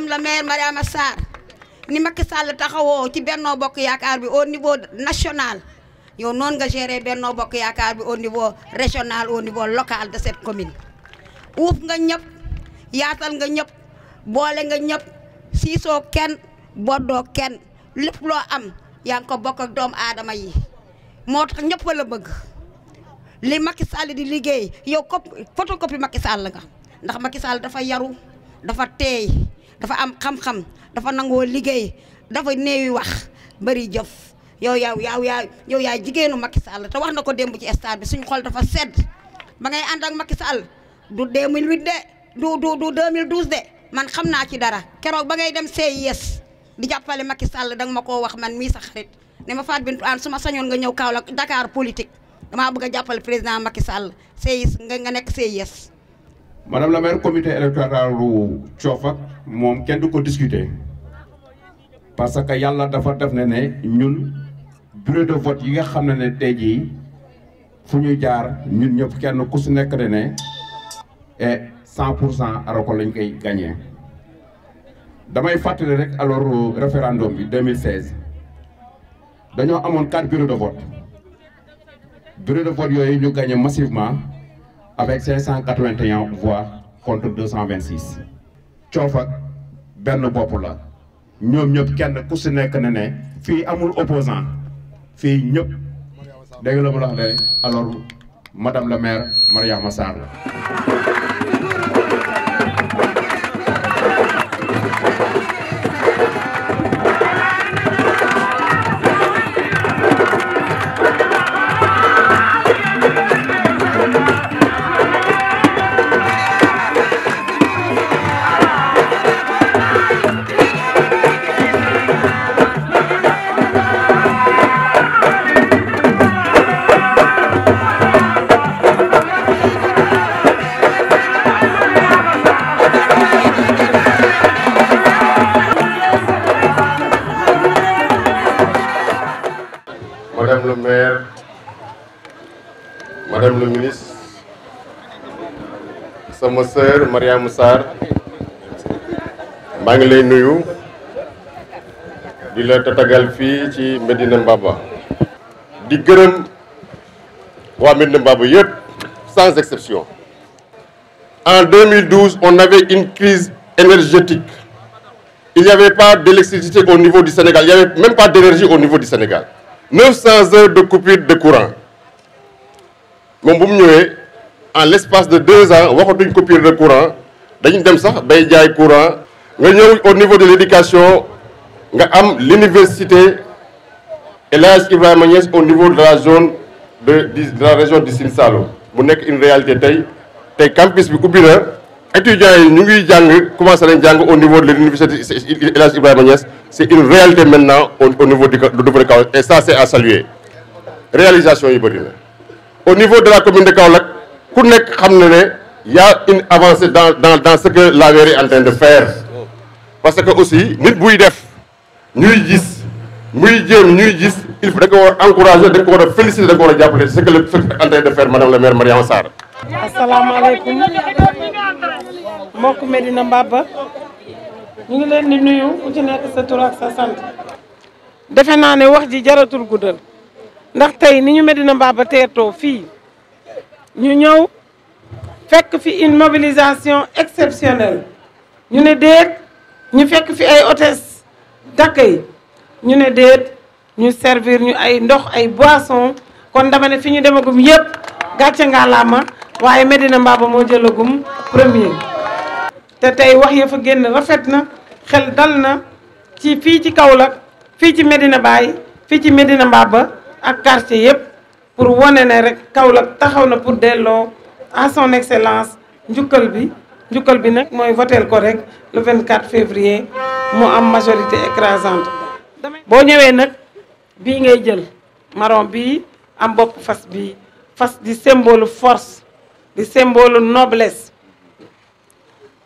madame la maire Mariama Sarr ni Macky Sall taxawoo ci Benno Bokk Yaakaar bi au niveau national yow noonu nga géré Benno Bokk Yaakaar bi au niveau régional o niveau local de cette commune uuf nga ñëpp yaatal nga ñëpp boole nga ñëpp siisoo kenn boddoo kenn lépp am yaa ngi ko bokk ak doomu aadama yi moo tax ñëpp la bëgg li Macky di liggéey yow copie photocopie Macky nga ndax Macky dafa yaru dafa teey dafa am xam-xam dafa nangoo liggéey dafa néewi wax bari jëf yow yow yow yaa yow yaa jigéenu Macky Sall te wax na ko démb ci stade bi suñu xol dafa sedd ba ngay ànd ak Macky Sall du 2008 de du du du 2012 de man xam naa ci dara keroog ba ngay dem CIS di jàppale Macky Sall danga ma koo wax man mii sa xarit ne ma Fatou Bintou Anne su ma sañoon nga ñëw Kaolack Dakar politique damaa bëgg a jàppale président Macky Sall CIS nga nga nekk CIS. madame la maire comité électoral ru Coofak moom kenn du ko discuter parce que yàlla dafa def ne ne ñun bureau de vote yi nga xam ne ne tey jii fu ñuy jaar ñun ñëpp kenn ku su nekk ne ne e cent pour cent Aroko lañ koy gagné. damay fàttali rek alors euh, référendum bi 2016 dañoo amoon quatre bureaux de vote bureau de vote yooyu ñu gagné massivement. avec 581 voix contre 226. coof ak benn bopp la ñoom ñëpp kenn ku si nekk ne ne fii amul opposant fii ñëpp dégg la mu la wax de madame la maire Mariama Sarr Madame le maire, Madame le ministre, sama sœur Mariama Sarr maa ngi lay nuyu di la tatagal fii ci Medina Mbaba di gërëm waa Medina Mbaba yëpp sans exception en 2012 on avait une crise énergétique il n'y avait pas d'électricité au niveau du Sénégal il n'y avait même pas d'énergie au niveau du Sénégal neuf cent heures de coupure de courant moom bu mu ñëwee en l'espace de deux ans waxatuñ coupure de courant dañu dem sax bay jaay courant nga ñëw au niveau de l'éducation nga am l'université El Hadj Ibrahima Niass au niveau de la zone de de la région de Sine Saloum mu nekk une réalité tey tey campus bi ubbi na étudiants yi ñu ngi jàng commencé nañ jàng au niveau de l'université El Hadj Ibrahima Niass c'est une réalité maintenant au niveau du de Kaolack et ça c'est à saluer réalisation yi bëri na au niveau de la commune de Kaolack ku nekk xam na ne y a une avancée dans dans dans ce que la mairie est en train de faire parce que aussi nit buy def ñuy gis muy jéem ñuy gis il war encourager da war a féliciter da war a jàppale c'est que en train de faire madame asalaamaaleykum mbokk Medina Mbaba ñu ngi leen di nuyu sa tur sa sant defe naa ne wax ji jaratul guddal ndax tey ni ñu Medina Mbaba teertoo fii ñu ñëw fekk fi une mobilisation exceptionnelle ñu ne déet ñu fekk fi ay hôtesse d'accueil ñu ne déet ñu servir ñu ay ndox ay boissons kon dama ne fi ñu demagum yëpp gàcce ngaa laama waaye Medina Mbaba moo jëlagum premier te tey wax ya fa génn rafet na xel dal na ci fii ci Kaolack fii ci Medina Baye fii ci Medina Mbaba ak quartier yépp pour wane na rek Kaolack taxaw na pour delloo à son excellence njukkal bi njukkal bi nag mooy votel ko rek le 24 février mu am majorité écrasante boo ñëwee nag bi ngay jël marron bi am bopp fas bii fas di symbole force di symbole nobles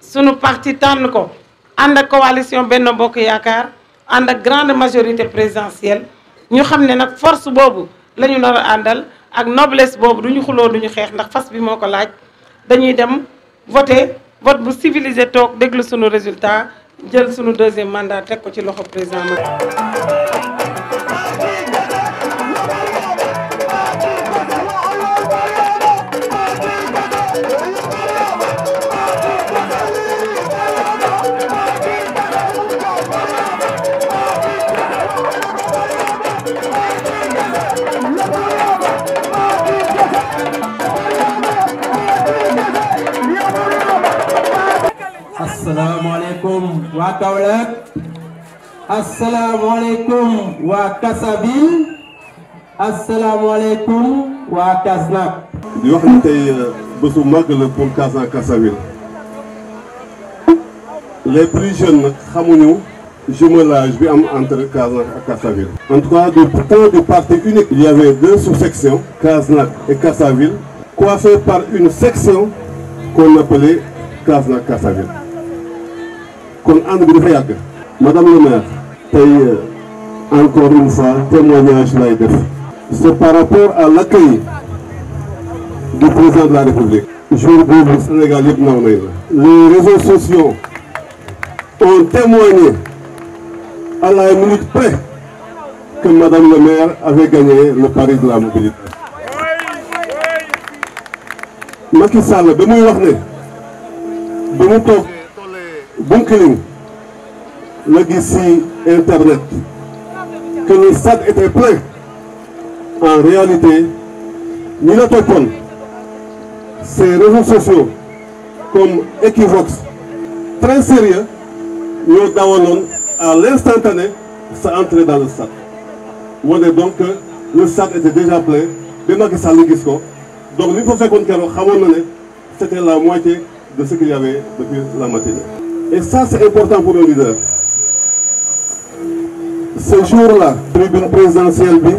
sunu parti tànn ko ànd ak coalition benn Bokk Yaakaar ànd ak grande majorité présidentielle ñu xam ne nag force boobu la ñu nar àndal ak nobles boobu du ñu xuloo du xeex ndax fas bi moo ko laaj dañuy dem voter vote bu civilisé toog déglu sunu résultat jël sunu deuxième mandat teg ko ci loxo président Macky Kaolack asalaamaaleykum waa Kasabil asalaamaaleykum waa Kasnak. di wax ni tey euh, bésu màgg plus jeunes nag xamuñu jumelage bi am entre Kasnak ak en tout cas du temps unique. il y avait deux sous-sections. Kasnak et par une section qu'on appelait Kasnak kon ànd bi dafa yàgg. madame le maire. tey euh, encore une fois témoignage lay def. c' par rapport à l' du président de la république. jour boobu Sénégal yëpp naw nañ la. les réseaux sociaux ont témoigné à la minute près que madame le maire avait gagné le pari de la mobilité. Macky Sall ba muy wax ne ba mu toog. Bounkiling la gis si internet que le stade était plein en réalité ñi la toppoon ces réseaux sociaux comme Equivox très sérieux ñoo dawanoon à année sa entrée dans le stade wane donc que le stade était déjà plein ba Macky Sall gis ko donc li ñu fa fekkoon keroog xamoon na ne c'était la moitié de ce qu'il depuis la matinée Et ça, c'est important pour le leader. Ce jour-là, tribune présidentielle bi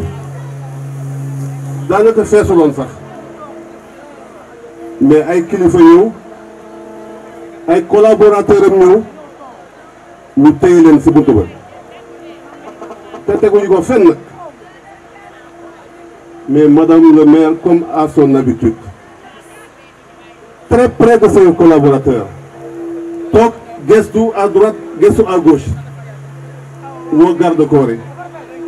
daanaka feesu loon sax mais ay kilifa yow ay collaborateurs am ñëw ñu téye leen si buntu ba te teguñu ko fen nag mais madame le maire comme à son habitude très près de ses collaborateurs gestu à droite gestu à gauche woo garde corps yi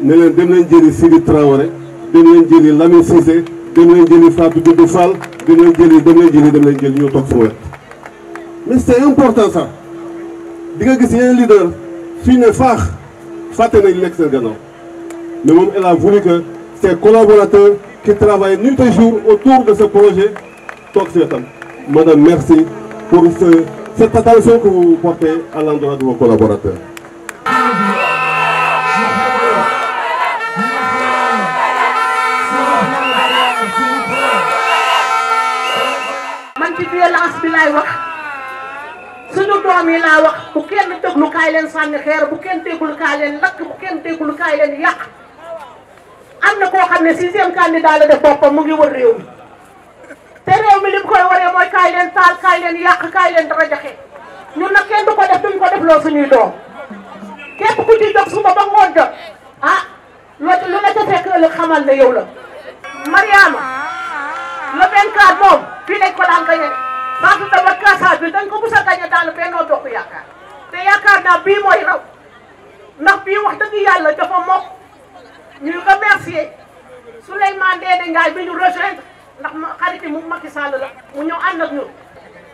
ne leen dem leen jëli Sidi Traoré dem leen jëli Lamine Cissé dem leen jëli Fatou Doudou Fall dem leen jëli dem leen jëli dem leen jëli ñu toog fu wet mais important ça di nga gis yeneen leader suñu ne faax fàtte nañ lekk seen gannaaw mais moom elle a voulu que ses collaborateurs qui travaillent nuit jour autour de ce projet toog si wetam madame merci pour ce cette attention que vous portez à l'endroit de vos collaborateurs. man ci violence bi laay wax suñu doom yi laa wax bu kenn déglu kaay leen sànni lakk bu kenn déglu kaay leen yàq am na koo xam ne sixième candidat mu ngi wër te réew mi li mu koy waree mooy kaay taal kaay leen yàq kaay leen ñun nag kenn du ko def duñ ko def loo suñuy doom képp ku ci jóg suba ba ngoon jot ah loo lu la ca fekk ëllëg xamal ne yow la Mariama le 24 moom fii lañ ko daan gañe parce que dama kasaas ko mos a gañe daal bii mooy raw ndax bii wax dëgg yàlla dafa mokk ñu ko remercier Souleymane Ndéné Ndiaye bi ñu rejoindre ndax ma xarit mu Macky Sall la mu ñëw ànd ak ñun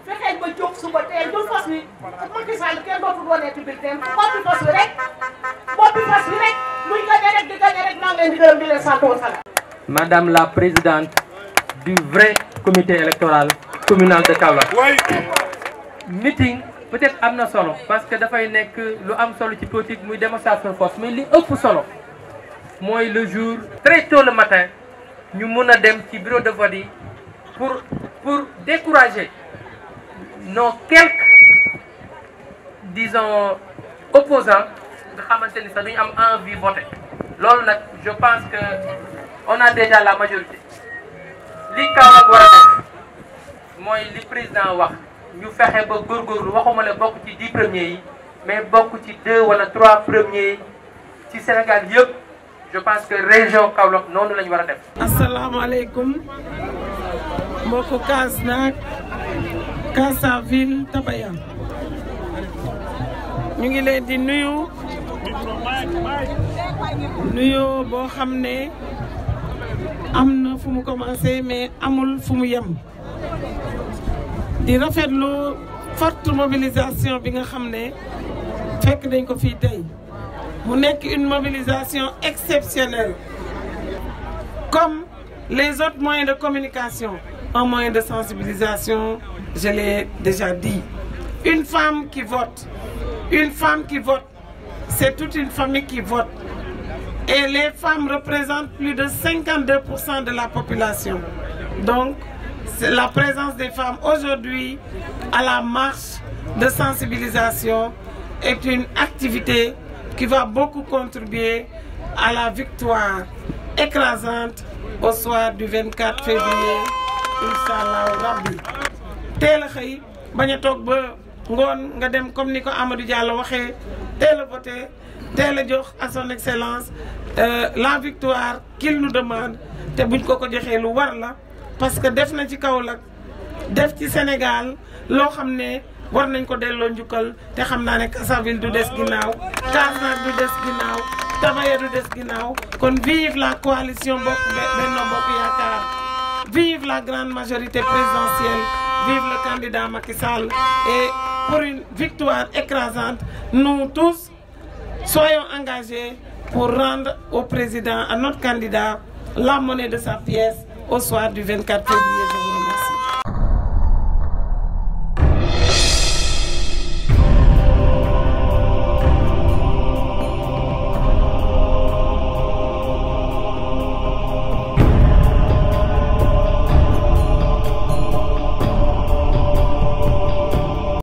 fexeel ba jóg suba teel jël fas wi ak Macky Sall kenn dootu doonee ci bulletin boppi fas wi rek boppi fas wi rek di gañe rek maa ngi leen di gërëm di leen sant Madame la présidente du vrai comité électoral communal de Kaolack. meeting peut-être am na solo parce que dafay nekk lu am solo ci politique muy démonstration force mais li ëpp solo mooy le jour très tôt le matin. ñu mun a dem ci bureau de vote yi pour pour décourager nos quelques disons opposants nga xamante ni sax duñu am envie voter loolu nag je pense que on déjà la majorité li Kaolack mooy li président wax ñu fexe ba góorgóorlu waxuma la bokk ci dix premiers yi mais bokk ci deux wala trois premiers yi ci Sénégal yëpp je pense que région Kaolack war a def. asalaamaaleykum mbokku Kaas naag Kaasaville Tabaya ñu ngi leen di nuyu nuyu boo xam ne am na fu mu commencé mais amul fu mu yem di rafetlu fort mobilisation bi nga xam ne fekk dañ ko fii tey. mu nekk une mobilisation exceptionnelle comme les autres moyens de communication un moyen de sensibilisation je l'ai déjà une femme qui vote une femme qui vote c'est toute une famille qui vote et les femmes représentent plus de 52% de la population donc c'est la présence des femmes aujourd'hui à la marche de sensibilisation est activité qui va beaucoup contribuer à la victoire écrasante au soir du 24 février incha allahu rabbi teel a xëy bañ toog ba ngoon nga dem comme ni ko Amadou Diallo waxee teel a voté teel a jox à son excellence euh, la victoire qu'il nous demande te buñ ko ko joxee lu war la parce que def na ci Kaolack def ci Sénégal loo xam ne war nañ ko delloo njukkal te xam naa ne Kassaville du des ginnaaw Casamance du des ginnaaw Tamaya du des ginnaaw kon vive la coalition bokk Benno Bokk Yaakaar vive la grande majorité présidentielle vive le candidat Macky Sall et pour une victoire écrasante nous tous soyons engagés pour rendre au président à notre candidat la monnaie de sa pièce au soir du 24 février